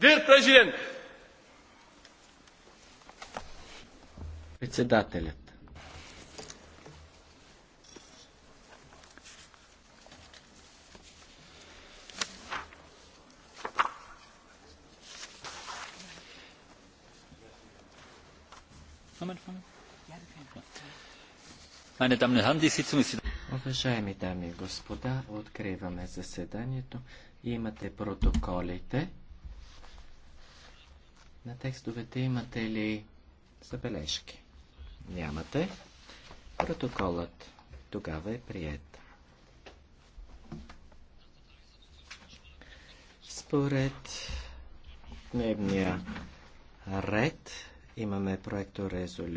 Dear President! Председателят. Уважаеми дами и господа, откриваме заседанието. Имате протоколите на текстовете имате ли забележки? Нямате. Протоколът тогава е прият. Според дневния ред имаме проекто резолю.